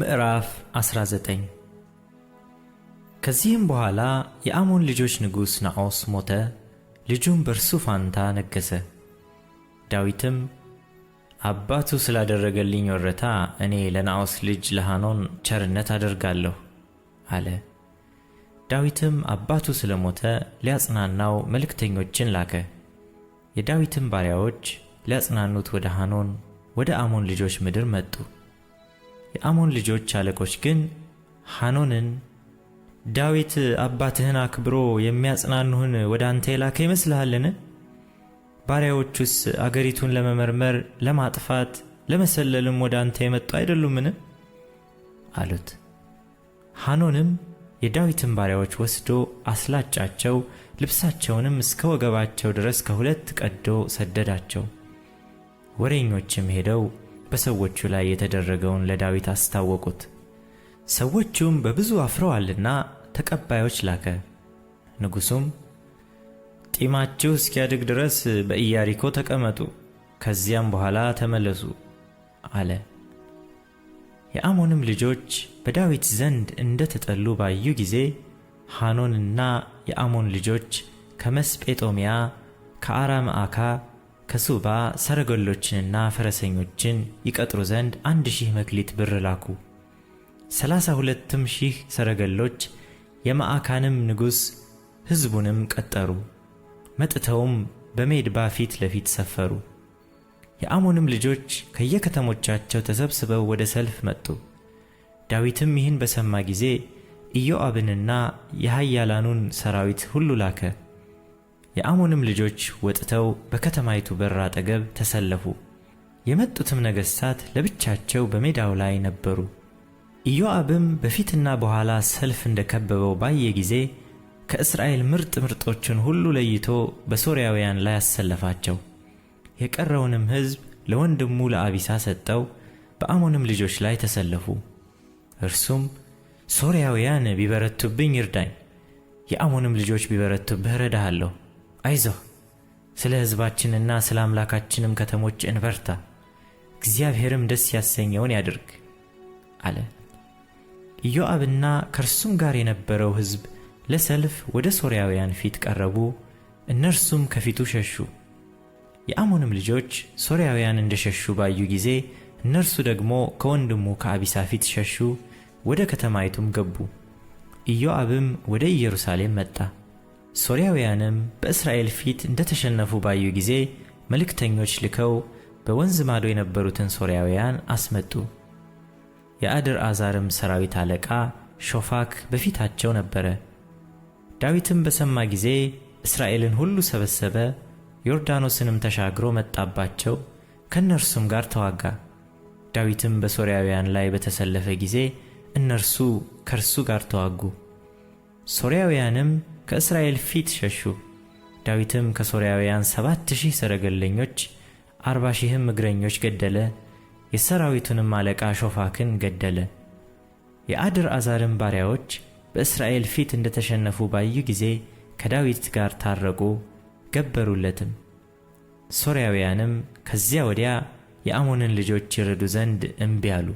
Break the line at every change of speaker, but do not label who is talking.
ምዕራፍ 19 ከዚህም በኋላ የአሞን ልጆች ንጉሥ ናዖስ ሞተ፣ ልጁም በእርሱ ፋንታ ነገሠ። ዳዊትም አባቱ ስላደረገልኝ ወረታ እኔ ለናዖስ ልጅ ለሐኖን ቸርነት አደርጋለሁ አለ። ዳዊትም አባቱ ስለሞተ ሊያጽናናው መልእክተኞችን ላከ። የዳዊትም ባሪያዎች ሊያጽናኑት ወደ ሐኖን ወደ አሞን ልጆች ምድር መጡ። የአሞን ልጆች አለቆች ግን ሐኖንን ዳዊት አባትህን አክብሮ የሚያጽናኑህን ወደ አንተ የላከ ይመስልሃልን? ባሪያዎቹስ አገሪቱን ለመመርመር፣ ለማጥፋት፣ ለመሰለልም ወደ አንተ የመጡ አይደሉምን? አሉት። ሐኖንም የዳዊትን ባሪያዎች ወስዶ አስላጫቸው፣ ልብሳቸውንም እስከ ወገባቸው ድረስ ከሁለት ቀዶ ሰደዳቸው። ወሬኞችም ሄደው በሰዎቹ ላይ የተደረገውን ለዳዊት አስታወቁት። ሰዎቹም በብዙ አፍረዋልና ተቀባዮች ላከ። ንጉሡም ጢማችሁ እስኪያድግ ድረስ በኢያሪኮ ተቀመጡ፣ ከዚያም በኋላ ተመለሱ አለ። የአሞንም ልጆች በዳዊት ዘንድ እንደ ተጠሉ ባዩ ጊዜ ሐኖንና የአሞን ልጆች ከመስጴጦሚያ ከአራምአካ ከሱባ ሰረገሎችንና ፈረሰኞችን ይቀጥሩ ዘንድ አንድ ሺህ መክሊት ብር ላኩ። ሰላሳ ሁለትም ሺህ ሰረገሎች የማዕካንም ንጉሥ ሕዝቡንም ቀጠሩ። መጥተውም በሜድባ ፊት ለፊት ሰፈሩ። የአሞንም ልጆች ከየከተሞቻቸው ተሰብስበው ወደ ሰልፍ መጡ። ዳዊትም ይህን በሰማ ጊዜ ኢዮአብንና የኃያላኑን ሰራዊት ሁሉ ላከ። የአሞንም ልጆች ወጥተው በከተማይቱ በር አጠገብ ተሰለፉ። የመጡትም ነገሥታት ለብቻቸው በሜዳው ላይ ነበሩ። ኢዮአብም በፊትና በኋላ ሰልፍ እንደከበበው ባየ ጊዜ ከእስራኤል ምርጥ ምርጦችን ሁሉ ለይቶ በሶርያውያን ላይ አሰለፋቸው። የቀረውንም ሕዝብ ለወንድሙ ለአቢሳ ሰጠው። በአሞንም ልጆች ላይ ተሰለፉ። እርሱም ሶርያውያን ቢበረቱብኝ ይርዳኝ፣ የአሞንም ልጆች ቢበረቱብህ እረዳሃለሁ አይዞ፣ ስለ ሕዝባችንና ስለ አምላካችንም ከተሞች እንበርታ፣ እግዚአብሔርም ደስ ያሰኘውን ያድርግ አለ። ኢዮአብና ከእርሱም ጋር የነበረው ሕዝብ ለሰልፍ ወደ ሶርያውያን ፊት ቀረቡ፣ እነርሱም ከፊቱ ሸሹ። የአሞንም ልጆች ሶርያውያን እንደሸሹ ባዩ ጊዜ እነርሱ ደግሞ ከወንድሙ ከአቢሳ ፊት ሸሹ፣ ወደ ከተማይቱም ገቡ። ኢዮአብም ወደ ኢየሩሳሌም መጣ። ሶርያውያንም በእስራኤል ፊት እንደተሸነፉ ባዩ ጊዜ መልእክተኞች ልከው በወንዝ ማዶ የነበሩትን ሶርያውያን አስመጡ። የአድር አዛርም ሰራዊት አለቃ ሾፋክ በፊታቸው ነበረ። ዳዊትም በሰማ ጊዜ እስራኤልን ሁሉ ሰበሰበ፣ ዮርዳኖስንም ተሻግሮ መጣባቸው፣ ከእነርሱም ጋር ተዋጋ። ዳዊትም በሶርያውያን ላይ በተሰለፈ ጊዜ እነርሱ ከእርሱ ጋር ተዋጉ። ሶርያውያንም ከእስራኤል ፊት ሸሹ። ዳዊትም ከሶርያውያን ሰባት ሺህ ሰረገለኞች አርባ ሺህም እግረኞች ገደለ። የሰራዊቱንም አለቃ ሾፋክን ገደለ። የአድር አዛርም ባሪያዎች በእስራኤል ፊት እንደተሸነፉ ባዩ ጊዜ ከዳዊት ጋር ታረቁ፣ ገበሩለትም። ሶርያውያንም ከዚያ ወዲያ የአሞንን ልጆች ይረዱ ዘንድ እምቢ አሉ።